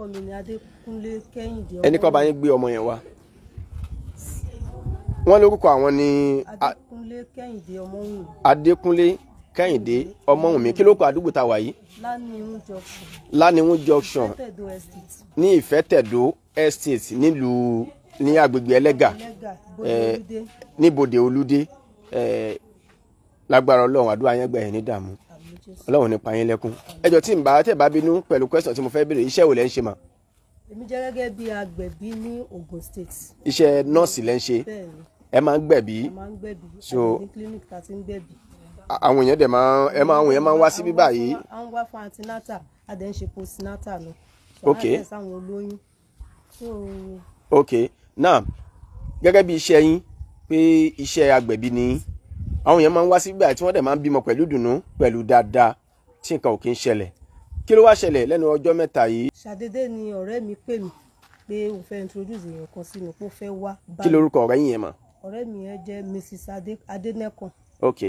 orúkọ mi ni Adékúnlé Kẹ́hìndé. ẹni kọ́ bá yín gbé ọmọ yẹn wá wọ́n lórúkọ àwọn ni. Adékúnlé Kẹ́hìndé Ọmọ́wùnmí. Adékúnlé Kẹ́hìndé Ọmọ́wùnmí kí ló kọ àdúgbò tá a wà yìí. Lániwún junction. ní Ìfẹ́tẹ̀dó estate nílùú ní agbègbè Ẹlẹ́gà ní Bòdè Olúdé lágbára Ọlọ́run àdúrà yẹn gbẹ̀yìn ní dààmú ọlọ́run ní pa yín lẹ́kún ẹjọ́ tí n bá tẹ̀ bá bínú pẹ̀lú question tí mo fẹ́ béèrè iṣẹ́ wo lẹ́ ń ṣe mà. èmi jẹ́ gẹ́gẹ́ bí agbẹ̀bí ní Ogun State. iṣẹ́ nọ́ọ̀sì lẹ́ ń ṣe ẹ máa ń gbẹ̀bí so àwọn èèyàn dẹ̀ máa ẹ máa àwọn èèyàn máa ń wá sí bíbá yìí. à ń wá fún antinata a dẹ̀ ń ṣe postnata lọ. ok ok now gẹ́gẹ́ bí iṣẹ́ yín pé iṣẹ́ agbẹ̀bí ni àwọn èèyàn máa ń wá sígbà tí wọ́n dẹ̀ máa ń bímọ pẹ̀lú ìdùnnú pẹ̀lú dáadáa tí nǹkan ò kí ń ṣẹlẹ̀ kí ló wá ṣẹlẹ̀ lẹ́nu ọjọ́ mẹ́ta yìí. ṣàdédé ni ọ̀rẹ́ mi pè mí pé òun fẹ́ introduce èèyàn kan sí mi kó fẹ́ wá. kí lorúkọ ọ̀rẹ́ yìí yẹn mà. ọ̀rẹ́ mi yẹn jẹ́ mrs adẹ́nẹ́kan. ok.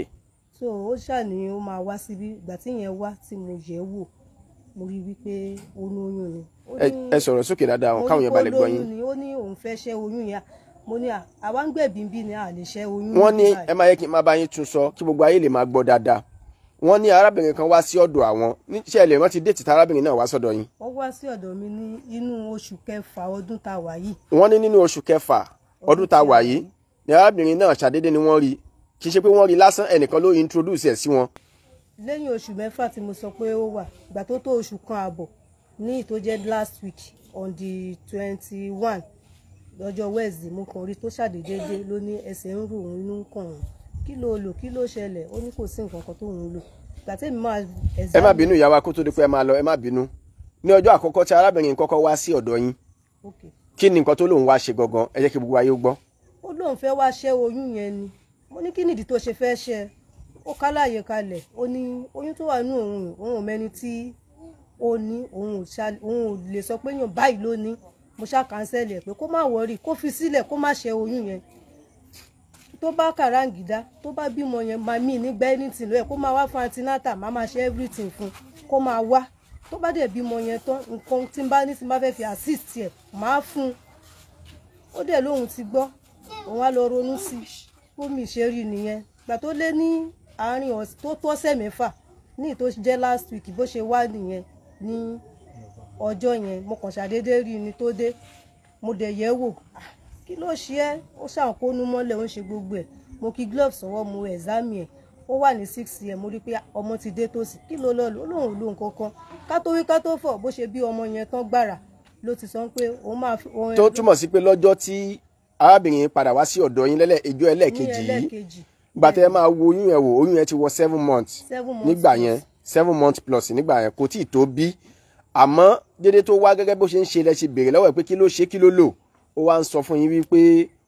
so ó ṣàní ó máa wá síbí ìgbà tí yẹn wá tí mo yẹ̀ wò mo rí wípé ó lóyún ni. ẹ sọ̀rọ̀ sókè dáadáa káwọn yẹn balẹ̀ gbọ́ yín. ó ní òun fẹ́ ṣẹ́ oyún yẹn mo ní à àwa ń gbẹ̀bí bí ni a lè ṣe oyún. wọ́n ní ẹ máa yẹ kí n máa bá yín tún sọ kí gbogbo ayé lè máa gbọ́ dáadáa wọ́n ní arábìnrin kan wá sí ọ̀dọ̀ àwọn níṣẹ́ ilẹ̀ wọ́n ti déètì tá arábìnrin náà wá sọ́dọ̀ yín. ó wá sí ọ̀dọ̀ mi ní inú oṣù kẹfà ọdún tá a wà yìí. wọ́n ní nínú oṣù kẹfà ọdún tá a wà yìí ni arábìnrin náà ṣàdédé ni wọ́n rí kì í ṣe pé wọ́n rí lásán ẹnìkan last week on the twenty one lọ́jọ́ wednesday mo kàn rí tó ṣàdédé dé ló ní ẹsẹ̀ ń rò òun inú ń kàn òun kí ló lò kí ló ṣẹlẹ̀ ó ní kò sí nǹkan kan tó ń lò gbàtẹ́ mi máa. ẹ má bínú ìyá wa kó tó di pé ẹ máa lọ ẹ má bínú ní ọjọ́ àkọ́kọ́ tí arábìnrin kọ́kọ́ wá sí ọ̀dọ̀ yín kí ni nǹkan tó lòun wá ṣe gangan ẹ jẹ́ kí gbogbo ayé ó gbọ́. ó lóun fẹ́ wá ṣẹ́ oyún yẹn ni mo ní kí nìdí tó ṣe fẹ́ ṣe ó kálàyé kalẹ̀ ó ní oyún tó wà nínú òun òun mẹ́ni tí ó ní òun ò lè sọ pé yàn báyìí ló mo ṣá kánsẹ́lì ẹ̀ pé kó má wọrí kó fi sílẹ̀ kó má ṣe oyún yẹn tó bá kàràǹgídá tó bá bímọ yẹn máa mí nígbà anything lọ́yẹ̀ kó máa wá fún antinata máa máa ṣe everything fún kó máa wá tó bá dẹ̀ bímọ yẹn tán nǹkan tí n bá ní tí n bá fẹ́ fi assist ẹ̀ máa fún un ó dẹ̀ lóhun ti gbọ́ òun á lọ ronú sí i bómi ìṣeré nìyẹn gbà tó lé ní àárín ọ̀sẹ̀ tó tó ọ̀sẹ̀ ní ìtò jẹ́ last week bó ṣe wá nìyẹn ní. Ni ọjọ́ yẹn mo kàn ṣàdédé rí ni tó dé mo dẹ̀ yẹ̀ wò ah, kí ló ṣe ẹ́ ó ṣàǹkónú mọ́lẹ̀ ó ń ṣe gbogbo ẹ̀ mo kí gloves sọ́wọ́ mo ẹ̀zámì ẹ̀ ó wà ní six year mo rí pé ọmọ ti dé tòsí kí ló lọ́ọ́ lò lóun ò lóun kankan ká tó wí ká tó fọ̀ bó ṣe bí ọmọ yẹn tán gbàrà ló ti sọ pé òun máa fi. tó túmọ̀ sí pé lọ́jọ́ tí arábìnrin padà wá sí ọ̀dọ̀ yín lẹ́lẹ̀ ìjọ́ ẹlẹ́ẹ̀kejì yìí gbàtẹ́ máa wo oyún yẹn wò oyún yẹn ti wọ seven months nígbà yẹn seven months plus nígbà yẹn kò tí ì tó bí àmọ́ dédé tó wá gẹ́gẹ́ bó ṣe ń ṣe lẹ ṣe béèrè lọ́wọ́ pé kí ló ṣe kí ló lò ó wá ń sọ fún yín wípé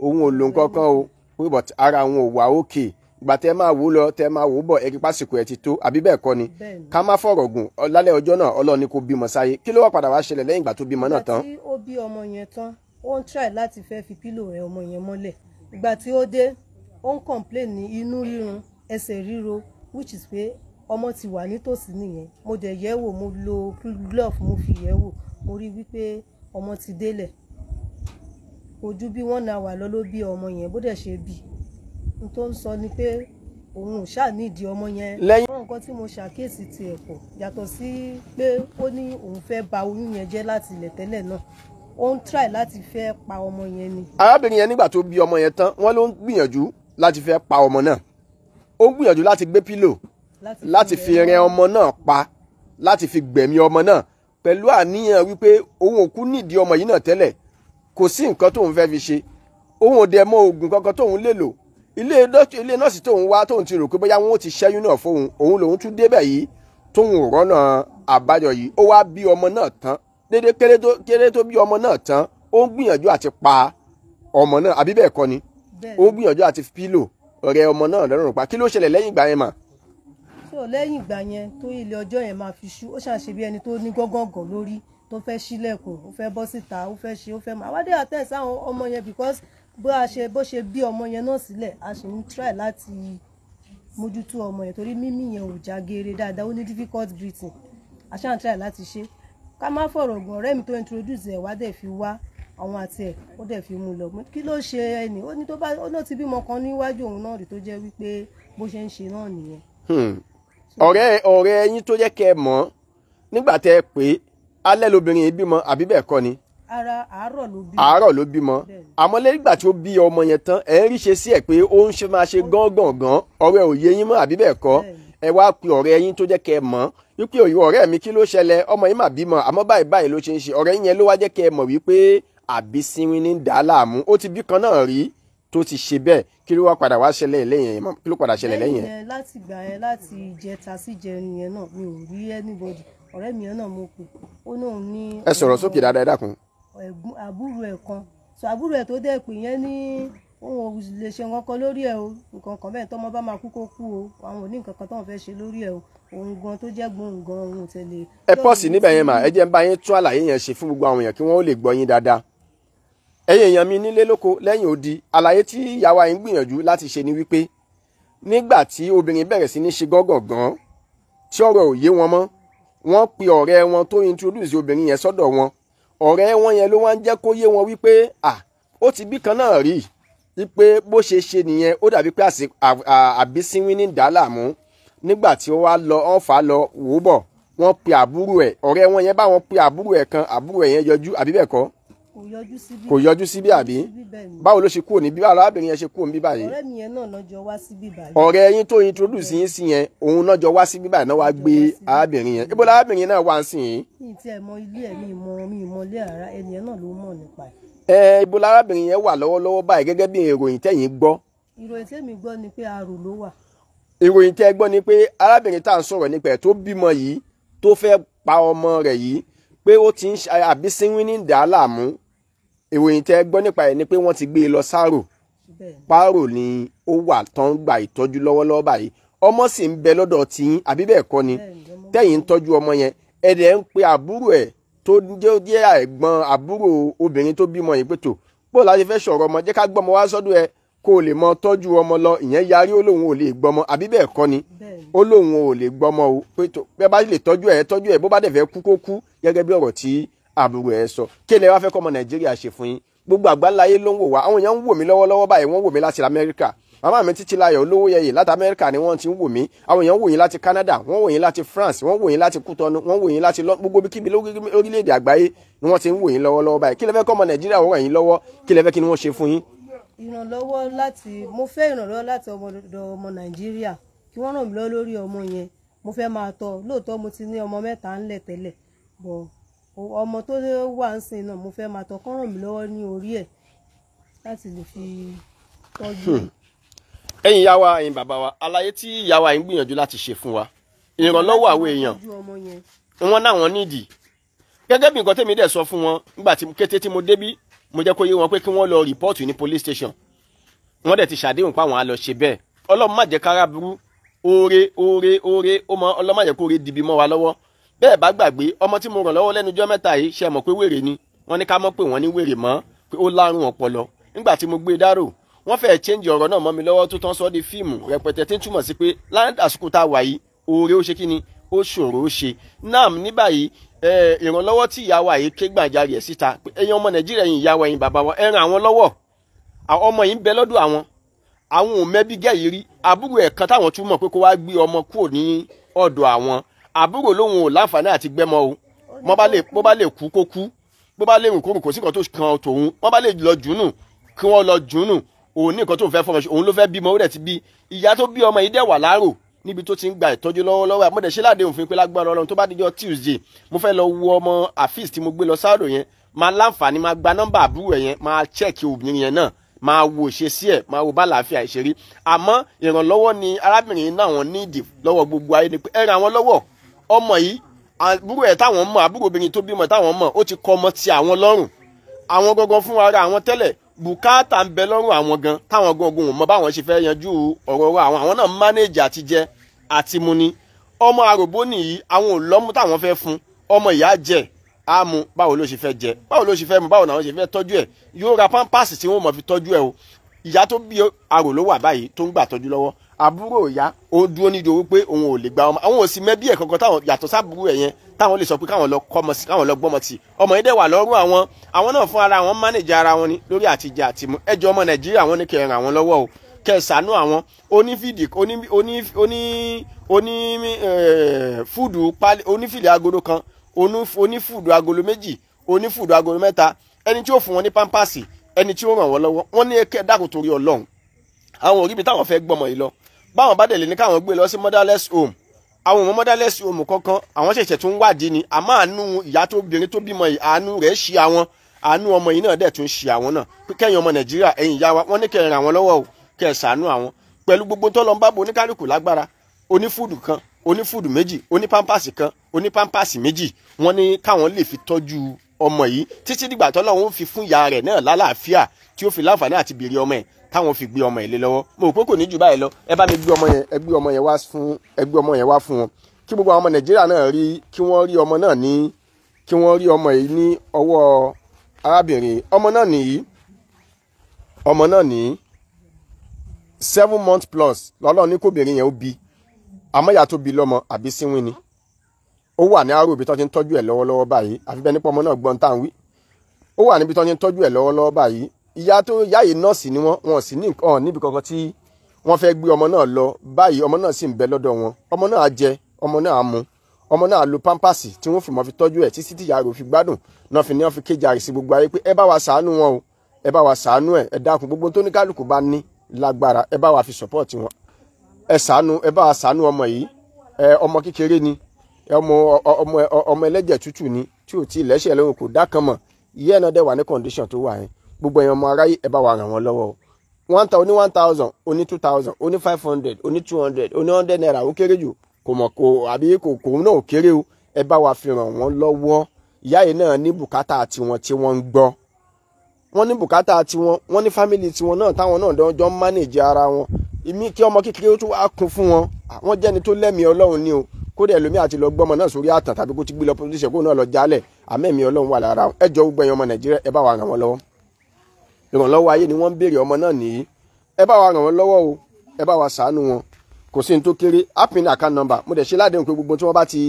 òun ò lò nǹkan o pé but ara òun ò wá òkè ìgbà tẹ máa wò lọ tẹ máa wò bọ̀ ẹ̀rí pásìkò ẹ̀ ti tó àbí bẹ́ẹ̀ kọ́ ni ká má fọ̀rọ̀ gùn lálẹ́ ọjọ́ náà ọlọ́run ni kò bímọ sáyé kí ló wà padà wá ṣẹlẹ̀ lẹ́yìn ìgbà tó bímọ náà tán. ìgbà tí ó bí ọmọ yẹn tán ó ń ọmọ ti wà nítòsí nìyẹn mo dẹ̀ yẹ̀ wò mo lo glove mo fi yẹ̀ wò mo rí wípé ọmọ ti délẹ̀ ojú bí wọ́n na wà lọ ló bí ọmọ yẹn bó dẹ̀ ṣe bí n tó ń sọ ni pé òun ò ṣáà ọmọ yẹn lẹ́yìn àwọn nǹkan tí mo ṣàkíyèsí ti ẹ̀kọ́ yàtọ̀ sí pé ó ní òun fẹ́ ba oyún yẹn jẹ́ láti ilẹ̀ tẹ́lẹ̀ náà ó ń try láti fẹ́ pa ọmọ yẹn ni. arábìnrin yẹn nígbà tó bí ọmọ yẹn tán wọ́n ló ń gbìyànjú láti fẹ́ pa ọmọ náà ó ń gbìyànjú láti gbé pílò láti fi rẹ ọmọ náà pa láti fi gbẹ̀mí ọmọ náà pẹ̀lú àníyàn wípé òun òkú nídìí ọmọ yìí náà tẹ́lẹ̀ kò sí nǹkan tóun fẹ́ fi ṣe òun ò dẹ̀ mọ oògùn kankan tóun lè lò ilé ilé nọ́ọ̀sì tóun wá tóun ti rò pé bóyá wọn ò ti ṣẹ́yún náà fóun òun lòun tún débẹ̀ yìí tóun ò rọ́nà àbáyọ yìí ó wá bí ọmọ náà tán dédé kéré tó bí ọmọ náà tán ó ń gbìyànjú àti pa ọmọ náà àbí bẹ́ẹ̀ kọ́ ni ó ń gbìyànjú àti pílò ọ̀rẹ́ ọmọ náà lọ́rùn pa kí ló ṣẹlẹ̀ lẹ́yìn ìgbà yẹn mà so lẹ́yìn ìgbà yẹn tó ilé ọjọ́ yẹn máa fi ṣú ó ṣàṣe bí ẹni tó ní gọ́gọ́gọ́ lórí tó fẹ́ ṣílẹ̀kùn ó fẹ́ bọ́ síta ó fẹ́ ṣe ó fẹ́ máa wádé àtẹ̀sí àwọn ọmọ yẹn because bó a ṣe bó ṣe bí ọmọ yẹn náà sílẹ̀ a sì ń try láti mójútó ọmọ yẹn torí mímí yẹn ò já geere dáadáa ó ní difficult breathing a ṣáà ń try láti ṣe ká má fọ̀rọ̀ gùn ọ̀rẹ́ mi tó introduce ẹ̀ wá dẹ̀ fi wá àwọn àti ẹ̀ ó dẹ̀ fi mú lọ kí ló ṣe ẹnì ó ní tó bá ó náà ti bímọ kan níwájú òun náà rí tó jẹ́ wípé bó ṣe ń ṣe náà nìyẹn. Hmm ọ̀rẹ́ ọ̀rẹ́ yín tó yẹ kẹ́ ẹ mọ̀ nígbà tẹ́ ẹ pé alẹ́ lobìnrin yìí bímọ àbí bẹ́ẹ̀ kọ́ ni. ara àárọ̀ ló bímọ. àárọ̀ ló bímọ àmọ́ lẹ́yìn tí ó bí ọmọ yẹn tán ẹ̀ ń ríṣe sí ẹ̀ pé ó ń ṣe máa ṣe gángangan ọ̀rẹ́ òye yín mọ́ àbí bẹ́ẹ̀ kọ́ ẹ wá pe ọ̀rẹ́ yín tó jẹ́ kẹ́ ẹ mọ̀ wípé òyìnbó ọ̀rẹ́ mi kí ló ṣẹlẹ̀ ọmọ yín mà bímọ àmọ́ báyìí báyìí ló ṣe ń ṣe ọ̀rẹ́ yẹn ló wá jẹ́ kẹ́ mọ̀ wípé àbísínwín ní dàá láàmú ó ti bí kan náà rí tó ti ṣe bẹ́ẹ̀ kí ló wá padà wá ṣẹlẹ̀ lẹ́yìn yẹn kí ló padà ṣẹlẹ̀ lẹ́yìn yẹn. láti gbà yẹn láti ìjẹta sí jẹun yẹn náà mi ò rí anybody ọ̀rẹ́ mi yẹn náà mo pè ó náà ní. ẹ sọ̀rọ̀ sókè dáadáa ẹ dákun. àbúrò ẹ̀ kan sọ àbúrò ẹ̀ tó dẹ̀ pè yẹn ní òun ò lè ṣe nǹkan kan lórí ẹ̀ o nǹkan kan bẹ́ẹ̀ tọ́mọ bá máa kú kó kú o àwọn ò kan tóun fẹ́ ṣe lórí ẹ̀ o òun gan tó jẹ́ gbóhùn gan òun tẹ̀lé. ẹ pọ̀ sí níbẹ̀ yẹn mà ẹ jẹ́ ń bá yín tún àlàyé yẹn ṣe fún gbogbo àwọn èèyàn kí wọ́n lè gbọ́ yín dáadáa ẹ̀yin èèyàn mi nílé lóko lẹ́yìn odi àlàyé tí ìyàwó yín gbìyànjú láti ṣe ni wípé nígbà tí obìnrin bẹ̀rẹ̀ sí ní ṣe gọ́gọ̀ gan tí ọ̀rọ̀ ò yé wọn mọ́ wọ́n pe ọ̀rẹ́ wọn tó introduce obìnrin yẹn sọ́dọ̀ wọn ọ̀rẹ́ wọn yẹn ló wá ń jẹ́ kó yé wọn wípé à ó ti bí kan náà rí i pé bó ṣe ṣe nìyẹn ó dàbí pé àbísínwín ní dàálàmú nígbà tí ó wá lọ ọ̀fà lọ wò bọ̀ wọ́n pe àbúrò ẹ̀ ọ̀rẹ́ wọn yẹn bá wọn pe àbúrò ẹ̀ kan àbúrò ẹ̀ yẹn yọjú àbí bẹ́ẹ̀ kọ́ kò yọjú síbí àbí báwo ló ṣe kúrò níbí arábìnrin yẹn ṣe kúrò níbí báyìí ọ̀rẹ́ yín tó introduce yín sí yẹn òun náà jọ wá síbí báyìí náà wá gbé arábìnrin yẹn ibo arábìnrin náà wá ń sìn yín. mi ti ara ẹnìyẹn náà ló mọ̀ nípa ẹ̀. ẹ ibo arábìnrin yẹn wà lọ́wọ́lọ́wọ́ báyìí gẹ́gẹ́ bí ìròyìn tẹ̀yìn gbọ́. ìròyìn tẹ̀mí gbọ́ ni pé arò ló wà. ìròyìn tẹ́ gbọ́ ni pé arábìnrin tá à ń sọ̀rọ̀ nípa ẹ̀ tó bímọ yìí tó fẹ́ pa ọmọ rẹ̀ yìí pé ó ti ń àbí sínwín ní dàá ìròyìn tẹ́ gbọ́ nípa ẹ̀ ni pé wọ́n ti gbé e lọ sáàrò páàrò ni ó wà tán gba ìtọ́jú lọ́wọ́lọ́wọ́ báyìí ọmọ sì ń bẹ lọ́dọ̀ tiyín àbí bẹ́ẹ̀ kọ́ ni tẹ́yìn ń tọ́jú ọmọ yẹn ẹ̀dẹ̀ ń pe àbúrò ẹ̀ tó jẹ́ ẹ̀gbọ́n àbúrò obìnrin tó bímọ yìí pé tò pò láti fẹ́ sọ̀rọ̀ ọmọ jẹ́ ká gbọ́mọ wá sọ́dọ̀ ẹ kó o lè mọ tọ́jú ọmọ lọ ìyẹn yarí ó ò lè gbọ́mọ àbí bẹ́ẹ̀ kọ́ ni ó lóun ò lè gbọ́mọ o pé tó bẹ́ẹ̀ bá lè tọ́jú ẹ̀ tọ́jú ẹ̀ bó bá dẹ̀ fẹ́ kú kó kú gẹ́gẹ́ bí ọ̀rọ̀ tí àbúrò ẹ̀ sọ kí lẹ wá fẹ́ kọ́mọ nàìjíríà ṣe fún yín gbogbo àgbáláyé ló ń wò wá àwọn èèyàn ń wò mí lọ́wọ́lọ́wọ́ báyìí wọ́n wò mí láti amẹ́ríkà màmá mi títí láyọ̀ olówó yẹyẹ láti amẹ́ríkà ni wọ́n ti ń wò mí àwọn èèyàn wò yín láti canada wọ́n wò yín láti france wọ́n wò yín láti kútọ́nù wọ́n wò yín láti lọ gbogbo bí kíbi lórílẹ̀‐èdè àgbáyé ni wọ́n ti ń wò yín lọ́wọ́lọ́wọ́ báyìí kí lẹ fẹ́ kọ́ ọmọ nàìjíríà wọ́n ràn yín lọ́wọ́ kí lẹ fẹ́ kí ni wọ́n ṣe fún yín. ìrànlọ́wọ́ láti mo fẹ́ ìrànlọ́wọ́ láti ọmọdọ̀ ọmọ nàìjíríà kí wọ́n ràn mí lọ́wọ́ lórí ọmọ yẹn mo fẹ́ máa tọ́ lóòótọ́ mo ti ní ọmọ mẹ́ta ńlẹ̀ tẹ́lẹ̀ bọ̀ ọmọ tó wà ń sìn náà mo fẹ́ máa tọkọ́ ràn mí lọ́wọ́ ní orí ẹ̀ láti lè fi tọ́jú hmm. ẹ̀. ẹ̀yin ìyá wa ẹ̀yin bàbá wa àlàyé tí ìyá wa gbìyànjú láti ṣe fún wa ìrànlọ́wọ́ àwọn èèyàn wọn náwọn nídìí gẹ́gẹ́ bí nǹkan tèmi dẹ̀ sọ fún wọn nígbà tí kété tí mo débí mo jẹ́ kó yé wọn pé kí wọ́n lọ rìpọ́ọ̀tù ní police station wọ́n dẹ̀ ti ṣàdéhùn pa àwọn á lọ ṣe bẹ́ẹ̀ ọlọ́run má jẹ́ kára burú oore oore oore ó mọ ọlọ́run má jẹ́ kó oore dìbì mọ́ wa lọ́wọ́ bẹ́ẹ̀ bá gbàgbé ọmọ tí mo ràn lọ́wọ́ lẹ́nujọ́ mẹ́ta yìí ṣe mọ̀ pé wèrè ni wọ́n ní ká mọ̀ pé wọ́n ní wèrè mọ́ pé ó lárùn ọpọlọ nígbà tí mo gbé e dárò wọ́n fẹ́ẹ́ change ọ̀rọ̀ náà mọ́ mi lọ́wọ́ tó tán sọ di fíìmù rẹpẹtẹ tí ń túmọ̀ sí pé land àsìkò tá a wà yìí oore ó ṣe kí ni ó ṣòro ó ṣe nam ní báyìí ìrànlọ́wọ́ tí ìyá wa yìí ké gbàjarì ẹ̀ síta ẹ̀yin ọmọ nàìjíríà yìí ìyá wa yìí bàbá wa ẹ ràn àwọn lọ́wọ́ àwọn ọmọ yìí ń bẹ lọ́dọ̀ àwọn àwọn ò mẹ́bí gẹ̀ yìí rí àbúrò ẹ̀ kan táwọn túmọ̀ pé kó wá gbé ọmọ kúrò ní ọ̀dọ̀ àwọn àbúrò lòun ò láǹfààní àti gbẹ́mọ o bó bá lè kú kó kú bó bá lè rìn kó rìn kò sí nǹkan tó kan tòun wọ́n bá lè lọ jùnù kí wọ́n lọ jùnù òun ní nǹkan tó ń fẹ́ fọmọ òun ló fẹ́ bímọ ó dẹ̀ ti bí ìyá tó bí ọmọ yìí dẹ̀ wà láàrò níbi tó ti ń gba ìtọ́jú lọ́wọ́lọ́wọ́ àmọ́ dẹ̀ ṣe láde òfin pé lágbára Ọlọ́run tó bá dijọ́ Tuesday mo fẹ́ lọ wo ọmọ afis tí mo gbé lọ sáàdò yẹn máa láǹfààní máa gba nọ́mbà àbúrò ẹ̀ yẹn máa chẹ́ẹ̀kì obìnrin yẹn náà máa wo ṣe sí ẹ̀ máa wo bá làáfíà ẹ̀ ṣe rí ni arábìnrin náà wọ́n ní ìdì lọ́wọ́ gbogbo ayé ni pé ẹ ràn wọ́n lọ́wọ́ ọmọ yìí àbúrò ẹ̀ táwọn mọ̀ àbúrò obìnrin tó bímọ táwọn mọ̀ ó ti kọ ọmọ ti àwọn lọ́rùn àwọn gangan fún ara àwọn tẹ́lẹ̀ bùkátà ń bẹ lọ́rùn àwọn gan táwọn gangan ò mọ báwọn ṣe fẹ́ yanjú ọ̀rọ̀ wa àwọn àwọn náà mánéèjì àti jẹ àti mu ni ọmọ àròbó nìyí àwọn ò lọ́mú táwọn fẹ́ fún ọmọ ìyá jẹ á mu báwo ló ṣe fẹ́ jẹ báwo ló ṣe fẹ́ mu báwo làwọn ṣe fẹ́ tọ́jú ẹ̀ yóò ra pampasì tí wọ́n mọ̀ fi tọ́jú ẹ̀ o ìyá tó bí àrò ló wà báyìí tó ń gbà tọ́jú lọ́wọ́ àbúrò ìyá ó dúró nídìí owó pé òun ò lè gba ọmọ àwọn ò sì mẹ́bí ẹ̀ kankan táwọn yàtọ̀ sábúrò ẹ̀ yẹn táwọn lè sọ pé káwọn lọ kọ́mọ sí káwọn lọ gbọ́mọ sí ọmọ yìí dẹ̀ wà lọ́rùn àwọn àwọn náà fún ara wọn mánéjì ara wọn ni lórí àtijẹ àtìmú ẹjọ́ ọmọ nàìjíríà wọn ní kẹrin àwọn lọ́wọ́ o kẹsànú àwọn onífìdí oní oní oní oní fúdù pálí onífìdí agolo kan onífùdù agolo méjì onífùdù agolo mẹ́ta ẹni tí ó fún wọn ní pampasì ẹni tí ó ràn wọ́n lọ́wọ́ wọ́n ní dákun torí ọlọ́run àwọn òríbi táwọn fẹ́ gbọ́mọ yìí lọ báwọn bá dẹ̀lẹ̀ ní káwọn gbé lọ sí motherless home àwọn ọmọ motherless home kankan àwọn ṣẹ̀ṣẹ̀ tún wádìí ni àmọ́ àánú ìyá tó obìnrin tó bímọ yìí àánú rẹ̀ ṣe àwọn àánú ọmọ yìí náà dẹ̀ tún ṣe àwọn náà kẹ́yìn ọmọ nàìjíríà ẹ̀yin ìyá wa wọ́n ní kẹrin àwọn lọ́wọ́ o kẹ́ ẹ̀ ṣàánú àwọn pẹ̀lú gbogbo tó lọ ń bábo oníkálukú lágbára onífúdù kan onífúdù méjì onípampasì kan onípampasì méjì wọ́n ní káwọn lè fi tọ́jú ọmọ yìí títí dìgbà tọ́lọ́run fi fún ìyá rẹ̀ náà lálàáfíà tí ó fi láǹfààní àti bèrè ọmọ ẹ̀ táwọn fi gbé ọmọ yẹn lé lọ́wọ́ mo rò pé kò ní jù báyìí lọ ẹ bá mi gbé ọmọ yẹn ẹ gbé ọmọ yẹn wá fún ẹ gbé ọmọ yẹn wá fún wọn kí gbogbo àwọn ọmọ nàìjíríà náà rí kí wọ́n rí ọmọ náà ní kí wọ́n rí ọmọ yìí ní ọwọ́ arábìnrin ọmọ náà nìyí ọmọ náà ní seven months plus lọ́lọ́run ní kóbìnrin yẹn ó bí àmọ́yà tó bí lọ́mọ àbí síwìn ni ó wà ní aró tó ti ń tọ́jú ẹ̀ lọ́wọ́lọ́wọ́ báyìí àfi bẹ́ẹ̀ nípa ọmọ náà gbọ́n tá wí ó wà níbi tó ti ń tọ́jú ẹ̀ lọ́wọ́lọ́wọ́ báyìí ìyá tó yá yìí nọ́ọ̀sì ni wọ́n wọn sì ní ọ̀hún níbi kankan tí wọ́n fẹ́ gbé ọmọ náà lọ báyìí ọmọ náà sì ń bẹ lọ́dọ̀ wọn ọmọ náà á jẹ ọmọ náà á mu ọmọ náà lo pampasì tí wọ́n fi mọ́ fi tọ́jú ẹ̀ títí tíyà rò fi gbádùn náà fi ní wọ́n fi kéjà sí gbogbo ayé pé ẹ bá wa sàánú wọn o ẹ bá wa sàánú ẹ ẹ dákun gbogbo tó ní kálukú bá ní lágbára ẹ bá wa fi sọ́pọ́ọ̀tì wọn ẹ sàánú ẹ bá wa sàánú ọmọ yìí ẹ ọmọ kékeré ni ọmọ ọmọ ọmọ ẹlẹ́jẹ̀ tútù ni tí ò tí ì lẹ́sẹ̀ lóhùn kò mọ̀ yẹ́n náà dẹ̀ wà ní kọ̀ǹdíṣàn tó wà yẹn gbogbo èèyàn ọmọ aráyé ẹ bá wa ràn wọ́n lọ́wọ́ o one thousand oní one thousand oní two thousand oní five hundred oní two hundred oní hundred naira ó kéré jù kò mọ̀ kò àbí kò kò náà ó kéré o ẹ bá wa fi ràn wọ́n lọ́wọ́ ìyá yìí náà ní bùkátà tiwọn tí wọ́n ń gbọ́ wọ́n ní bùkátà tiwọn wọ́n ní fámìlì tiwọn náà táwọn náà jọ ń mánèjì ara wọn ìmí kí ọmọ kékeré ó tún wá kún fún wọn àwọn jẹ́ni tó lẹ́mìí ọlọ́run ni o kódà ẹlòmíì àti lọ gbọ́mọ náà sórí àtàn tàbí kó ti gbé lọ pọlíṣẹ̀ kó náà lọ jálẹ̀ àmẹ́mìí ọlọ́run wà lára wọn ẹ ọmọ nàìjíríà ẹ bá wa ràn wọ́n lọ́wọ́ ìrànlọ́wọ́ ayé ni wọ́n ń béèrè ọmọ náà nìyí ẹ bá wa ràn wọ́n lọ́wọ́ o ẹ bá wa ṣàánú wọn kò sí ní tó kéré apin account number mo dẹ̀ ṣe ládéhùn pé gbogbo tí wọ́n bá ti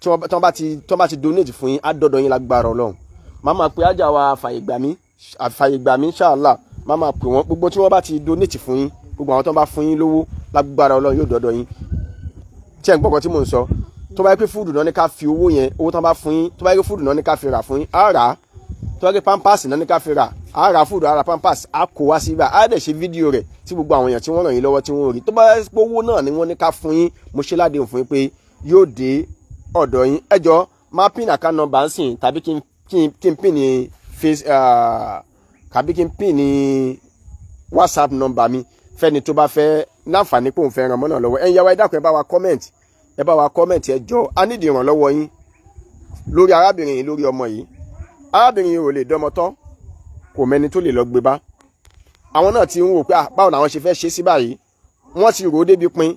tí wọ́n bá ti tí wọ́n bá ti donate fún yín á dọ́dọ̀ yín lágbára ọlọ́run má máa pe ájà wa àfàyè gbà mí àfàyè gbà mí ṣáàlà má máa pè wọ́n gbogbo tí wọ́n bá ti donate fún yín gbogbo àwọn tó bá fún yín lówó lágbára ọlọ́run yóò dọ́dọ̀ yín tí ẹ̀ ń gbọ́kàn tí mò ń sọ tó bá yẹ pé a ra fúdù a ra pampers a kó wá sí ibà a dẹ̀ ṣe fídíò rẹ̀ tí gbogbo àwọn èèyàn tí wọ́n ràn yín lọ́wọ́ tí wọ́n rí tó bá gbowó náà ni wọ́n ní ká fún yín mo ṣe ládéhùn fún yín pé yóò dé ọ̀dọ̀ yín ẹ máa pin àká nọmba ń sìn tàbí kí n pin ní face tàbí kí n pin ní whatsapp nọmba mi fẹ́ni tó bá fẹ́ láǹfààní pòun fẹ́ ràn mọ́ náà lọ́wọ́ ẹ̀yin yàwá ẹ dákun ẹ bá wa comment ẹ bá wa comment ẹ jọ a nídìí ìrànlọ́wọ́ yín lórí arábìnrin yìí lórí ọmọ yìí arábìnrin yìí ò lè dọ́mọ tán kò mẹ́ni tó lè lọ gbé bá àwọn náà ti ń wò pé báwo làwọn ṣe fẹ́ ṣe sí báyìí wọ́n ti rò ó débi pin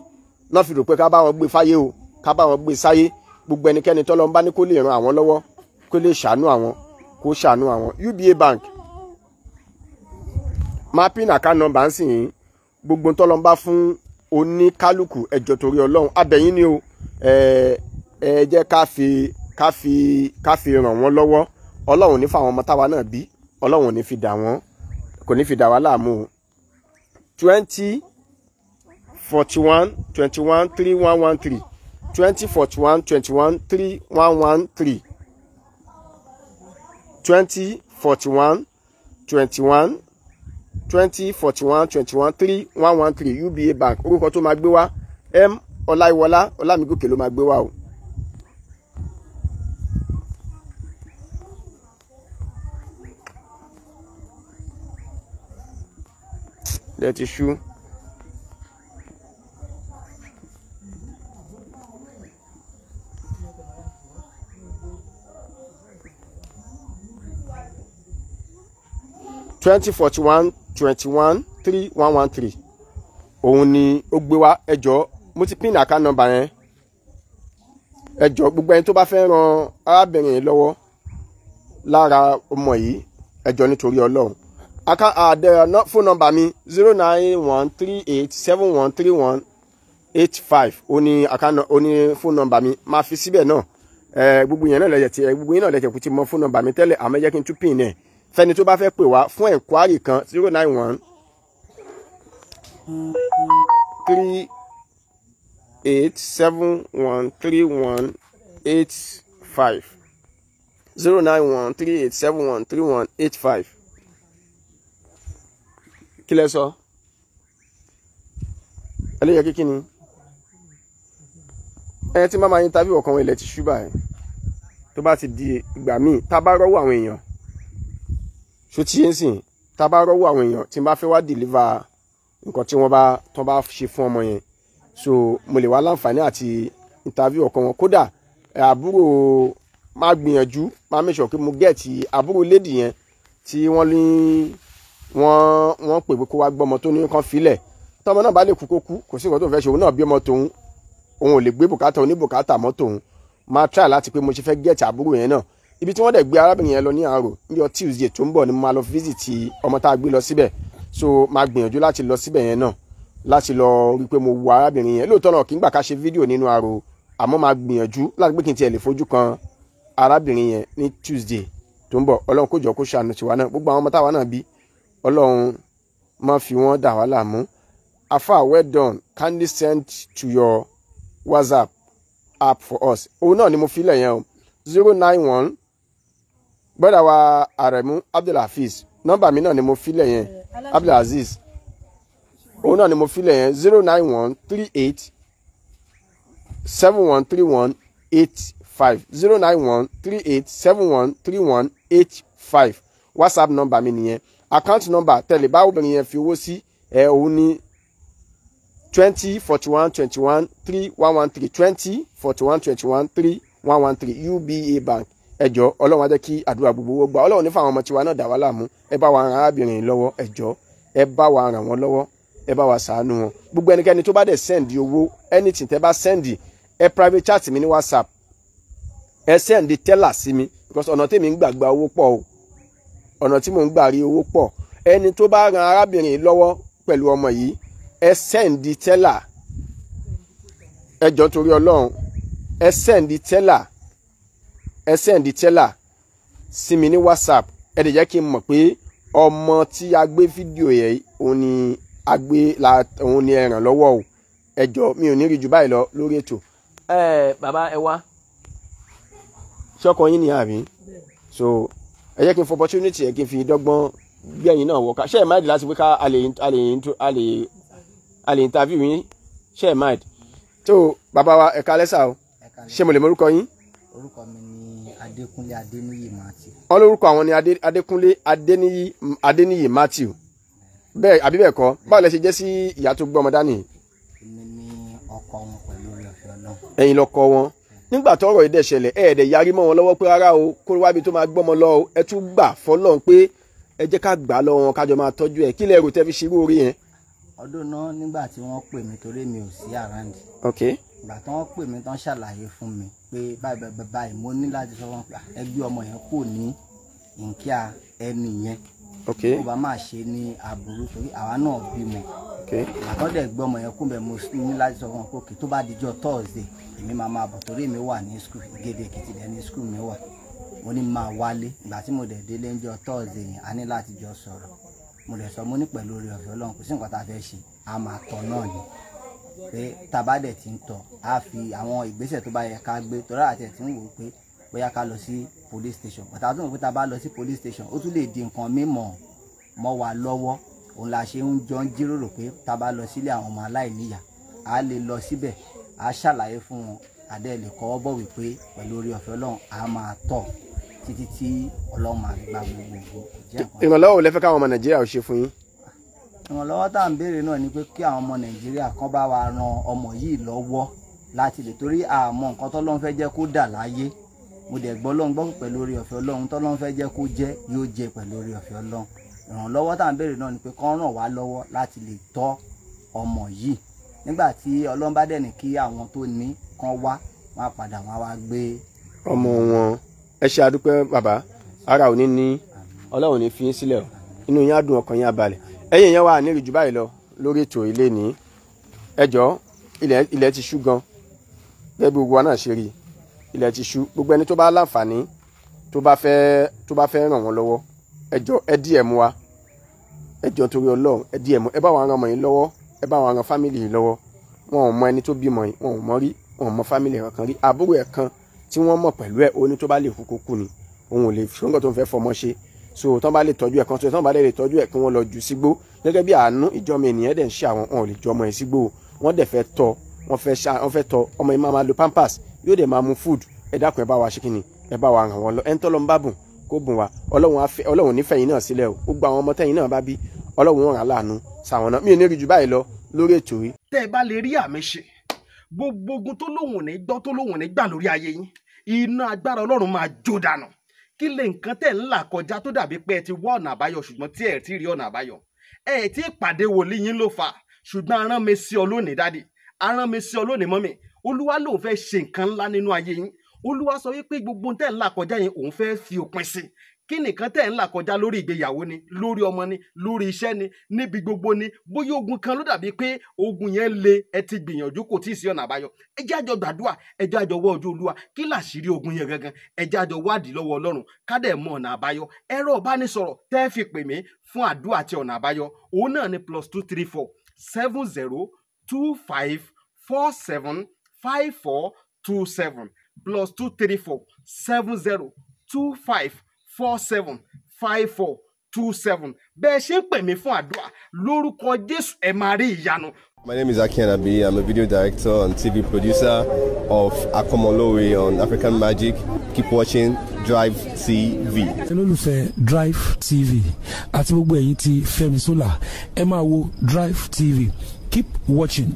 náà fi rò pé ká bá wọn gbé fáyé o ká bá wọn gbé sáyé gbogbo ẹnikẹ́ni tọ́lọ́ ń bá ní kó lè ran àwọn lọ́wọ́ kó lè ṣàánú àwọn kó ṣàánú àwọn UBA bank mapping account number ń sìn yín gbogbo tọ́lọ́ ń bá fún oníkálukú ẹjọ́ torí ọlọ́run abẹ́yìn ni o ẹ ẹ jẹ́ ká fi ká fi ká fi ràn wọ́n lọ́wọ́ ọlọ́run ní fáwọn ọmọ táwa náà bí ọlọ́run ò ní fi dà wọ́n kò ní fi dà wá láàmú o twenty forty one twenty one three one one three twenty forty one twenty one three one one three twenty forty one twenty one twenty forty one twenty one three one one three UBA bank orúkọ tó máa gbé wá M Ọláìwọlá Ọlámigòkè ló máa gbé wá o. dẹ̀ ti ṣú. twenty forty one twenty one three one one three òun ni ó gbé wá ẹjọ́ mo ti pín àká nọ́mbà yẹn ẹjọ́ gbogbo ẹni tó bá fẹ́ ran arábìnrin yìí lọ́wọ́ lára ọmọ yìí ẹjọ́ nítorí Ọlọ́run aka uh, uh phone number mi zero nine one three eight seven one three one eight five oní àkànnà oní phone number mi máa fi síbẹ̀ náà ẹ eh, gbogbo yẹn náà lẹ́yẹ̀ tí ẹ eh, gbogbo yẹn náà lẹ́yẹ̀ kú ti mọ phone number mi tẹ́lẹ̀ àmọ́ ẹ jẹ́ kí n tún pin ẹ̀ fẹ́ni tó bá fẹ́ pè wá fún ẹ̀kwárì kan zero nine one three eight seven one three one eight five zero nine one three eight seven one three one eight five kí lẹ sọ ẹlẹ́yẹ kí kíni ẹ tí máa interview ọ̀kan ilẹ̀ ti ṣú báyìí tó bá ti di ìgbà míì tá a bá rọ́wọ́ àwọn èèyàn ṣó tí yẹn sìn tá a bá rọ́wọ́ àwọn èèyàn tí n bá fẹ́ wá deliver nǹkan tí wọ́n bá tán bá ṣe fún ọmọ yẹn so mo lè wá láǹfààní àti interview ọ̀kan wọn kódà àbúrò máa gbìyànjú máa make sure pé mo get àbúrò lady yẹn tí wọ́n ní. Li wọ́n wọ́n pè pé kó wá gbọ́mọ tó ní nǹkan filẹ̀ tọmọ náà bá lè kú kó kú kò sí nǹkan tó fẹ́ ṣe òun náà bí ọmọ tòun òun ò lè gbé bùkátà oníbùkátà mọ́ tòun máa try láti pé mo ṣe fẹ́ gẹ̀ẹ́tì àbúrò yẹn náà ibi tí wọ́n dẹ̀ gbé arábìnrin yẹn lọ ní àárò ní ọ Tuesday tó ń bọ̀ ni mo máa lọ visit ọmọ tá a gbé lọ síbẹ̀ so máa gbìyànjú láti lọ síbẹ̀ yẹn náà láti lọ rí i pé mo wo arábìnrin yẹn lóòótọ́ náà kì í gbà ká ṣe fídíò nínú àárò àmọ́ máa gbìyànjú láti pé kí n tiẹ̀ lè fojú kan arábìnrin yẹn ní Tuesday tó ń bọ̀ ọlọ́run kó jọ kó ṣàánú tiwa náà gbogbo àwọn ọmọ táwa náà bí ọlọ́run má fi wọ́n dà wá láàmú afa well done kindly send to your whatsapp app for us òun náà ni mo fi lẹ́yìn o zero nine one gbọ́dọ̀ wa aremu abdulhafiz nọ́mbà mi náà ni mo fi lẹ́yìn abdulaziz òun náà ni mo fi lẹ́yìn zero nine one three eight seven one three one eight five zero nine one three eight seven one three one eight five whatsapp nọ́mbà mi nìyẹn account number tẹ̀lé bá obìnrin yẹn fi owó sí ẹ òun ní twenty forty one twenty one three one one three twenty forty one twenty one three one one three UBA bank ẹjọ Ọlọ́run á jẹ́ kí àdúrà gbogbo owó gbà Ọlọ́run nífa àwọn ọmọ tiwa náà dà wá láàmú ẹ bá wa ran arábìnrin lọ́wọ́ ẹjọ ẹ bá wa ràn wọ́n lọ́wọ́ ẹ bá wa ṣàánú wọn gbogbo ẹnikẹ́ni tó bá dẹ̀ sẹ́ndì owó anything tẹ́ bá sẹ́ndì ẹ private chat mi ní WhatsApp ẹ sẹ́ndì tẹ́là sí mi because ọ̀nà tèmi ń gbàgbà owó pọ̀ o ọ̀nà tí mò ń gbà rí owó pọ̀ ẹni tó bá ran arábìnrin lọ́wọ́ pẹ̀lú ọmọ yìí ẹ sẹ́ǹdì tẹ́là ẹ torí ọlọ́run ẹ sẹ́ǹdì tẹ́là ẹ sẹ́ǹdì tẹ́là sí mi ní whatsapp ẹ lè jẹ́ kí n mọ̀ pé ọmọ tí a gbé fídíò yẹn òun ni a gbé la òun ni ẹ ràn lọ́wọ́ o ẹ mi ò ní rí jù báyìí lọ lórí ètò. ẹ bàbá ẹ wá ṣọkọ yín ni àbí so ẹ jẹ́ kí n fọ opportunity yẹn kí n fi dọ́gbọ́n gbẹ̀yìn náà wọ̀ ká ṣe é mind láti pé ká interview yín ṣe é mind tó bàbá wa ẹ̀ka lẹ́sà o ṣé mo lè mọ̀rúkọ yín. orúkọ mi ni Adékúnlé Adéníyì Matthew. wọn lórúkọ àwọn ni Adékúnlé Adéníyì Adéníyì Matthew bẹ́ẹ̀ àbí bẹ́ẹ̀ kọ́ báwo lẹ ṣe jẹ́ sí ìyá tó gbọ́ ọmọ dání. èmi ni ọkọ wọn pẹ̀lú ọ̀rẹ́ náà. ẹ̀yin lọkọ wọn nígbà tọ́rọ̀ ìdẹ ṣẹlẹ̀ ẹ yarí mọ́ wọn lọ́wọ́ pé rárá o kó wábi tó máa gbọ́mọ lọ o ẹ tún gbà fọ́lọ́run pé ẹ jẹ́ ká gbà lọ wọn kájọ máa tọ́jú ẹ kí lẹ rò tẹ́ fi ṣerú orí yẹn. ọdún náà nígbà tí wọ́n pè mí torí mi ò sí àràǹdì. ok ìgbà tí wọ́n pè mí tán ṣàlàyé fún mi pé báyìí báyìí mo ní láti sọ wọn pé ẹgbẹ́ ọmọ yẹn kò ní nkíà ẹni yẹn kó bá má ṣe ní aburú torí àwa náà bímọ àtọ́dẹ̀ gbọ́ ọmọ yẹn kún bẹ́ẹ̀ mo ní láti sọ wọn pé tó bá dijọ́ Thursday èmi máa máa bọ̀ torí èmi wà ní skul Ìgédé Èkìtì dẹ̀ ní skul mi wà mo ní máa wálé ìgbà tí mo dẹ̀ délé ń jọ Thursday yẹn a ní láti jọ sọ̀rọ̀ mo lè sọ mo ní pẹ̀lú oore ọ̀fẹ́ Ọlọ́run kò sí nǹkan tá a fẹ́ ṣe a máa tọ̀ náà ni pé tá a bá dẹ̀ ti ń tọ̀ a fi àwọn ìgbésẹ̀ tó bá yẹ ká gbé torí àti ẹ̀ ti ń wò ó pé bóyá ká lọ sí police station bàtà tó ń pè tá a bá lọ sí police station ó tún lè di nǹkan mímọ̀ mọ́ wa lọ́wọ́ òun la ṣe ń jọ ń jíròrò pé tá a bá lọ sílé àwọn ọmọ aláìníyà á lè lọ síbẹ̀ á ṣàlàyé fún wọn àdé kọ́ bọ̀ wípé pẹ̀lú orí ọ̀fẹ́ ọlọ́run á máa tọ̀ títí tí ọlọ́run máa gba gbogbo. ìrànlọ́wọ́ lẹ́fẹ́ káwọn ọmọ nàìjíríà ò ṣe fún yín. ìrànlọ́wọ́ tá à ń béèrè náà ni pé kí àwọn ọmọ nàìjíríà kan bá wa ran ọmọ yìí lọ́wọ́ láti lè torí àmọ́ nǹkan tọ́lọ́run fẹ́ jẹ́ kó dà láyé mo dẹ̀ gbọ́ lọ́n gbọ́ pẹ̀lú orí ọ̀fẹ́ ọlọ́run tọ́lọ́run fẹ́ jẹ́ kó jẹ́ yóò jẹ́ pẹ̀lú orí ọ̀fẹ́ ọlọ́run ìrànlọ́wọ́ tá à ń béèrè náà ni pé kán ràn wá lọ́wọ́ láti lè tọ́ ọmọ yìí nígbà tí ọlọ́run bá dẹ̀ ní kí àwọn tó ní kán wá wọn á padà wọn á wá gbé. ọmọ wọn ẹ ṣe àdúpẹ́ bàbá ara ò ní ní ọlọ́run ní fi yín sílẹ̀ o inú yín á dùn ọkàn yín á balẹ̀ ẹ̀yìn yẹn wà ní ìrìjú báyìí lọ lórí ètò ilé ní ẹjọ́ ilẹ̀ ti ṣú gan bẹ́ẹ̀ bí wa náà ṣe rí i ilẹ̀ ti ṣú gbogbo ẹni tó bá láǹfààní tó bá fẹ́ tó bá fẹ́ ràn wọ́n lọ́wọ́ ẹ jọ̀ọ́ ẹ díẹ̀ mú wa ẹ jọ̀ọ́ torí ọlọ́run ẹ díẹ̀ mú ẹ bá wọn ran ọmọ yìí lọ́wọ́ ẹ bá wọn ran fámìlì yìí lọ́wọ́ wọn ò mọ ẹni tó bímọ yìí wọn ò mọ rí wọn ò mọ fámìlì ẹ̀ kan rí àbúrò ẹ̀ kan tí wọ́n mọ̀ pẹ̀lú ẹ̀ ó tó bá lè kú kó kú ni òun ò lè fi ṣóńgọ̀ tó ń fẹ́ fọmọ ṣe so tán bá lè tọ́jú ẹ̀ kan so tán bá lè tọ́jú ẹ̀ kí wọ́n lọ jù sígbó gẹ́gẹ́ bí àánú ìjọmọ ènìyàn dẹ̀ ń ṣe àwọn wọn ò lè jọmọ ẹ̀ sígbó wọ́n dẹ̀ fẹ́ tọ́ wọ́n fẹ́ tọ́ ọmọ yìí máa máa lo pampers yóò dẹ̀ máa mu food ẹ dákun ẹ bá wa ṣe kíni ẹ bá wa ràn wọ́n lọ ẹ ń tọ́ lọ́n bá bùn kó bùn wa ọlọ́run nífẹ̀ẹ́ yín náà sílẹ̀ o ó gba àwọn ọmọ tẹ́yìn náà bá bí ọlọ́run ràn láàánú sàwọn náà mi ò ní rí ju báyìí lọ lórí ètò yìí. tẹ́ ẹ bá lè rí àmì ṣe gbogbo ogun tó lóun ò ní gbọ́ tó lóun ò ní gbà lórí ayé yín iná agbára ọlọ́run máa jó dànù kí lè nǹkan tẹ̀ ń là kọjá tó dàbí pé ẹ ti wá ọ̀nà àbáyọ ṣùgbọ́n tí ẹ ti rí ọ̀nà àbáyọ ẹ ti pàdé wòlíì ló fà ṣùgbọ́n arán sí ọ lónìí dádì sí ọ mọ́mì olúwa lòun fẹ́ ṣe nǹkan ńlá nínú ayé yín olúwa sọ wípé gbogbo tẹ́ ń là kọjá yẹn òun fẹ́ fi òpin sí kí nìkan tẹ́ ń là kọjá lórí ìgbéyàwó ni lórí ọmọ ni lórí iṣẹ́ ni níbi gbogbo ni bóyá ogun kan ló dàbí pé ogun yẹn le ẹ ti gbìyànjú kò tíì sí ọ̀nà àbáyọ ẹ jẹ́ àjọ gbàdúrà ẹ jẹ́ àjọ wá ojú olúwa kí làṣírí ogun yẹn gangan ẹ jẹ́ àjọ wádìí lọ́wọ́ ọlọ́run ká mọ ọ̀nà àbáyọ ẹ̀rọ ìbánisọ̀rọ̀ tẹ́ fi pè mí fún àdúrà àti ọ̀nà àbáyọ òun náà ni plus two three four seven zero two five four seven five four two seven plus two three four seven zero two five four seven five four two seven bẹ́ẹ̀ ṣe ń pè mí fún àdúrà lórúkọ Jésù ẹ máa rí ìyanu. My name is Aki I'm a video director and TV producer of Akomolowe on African Magic. Keep watching Drive TV. olólùfẹ́ Drive TV àti gbogbo ẹ̀yin tí Fẹ́mi Sola ẹ máa wo Drive TV. Keep watching.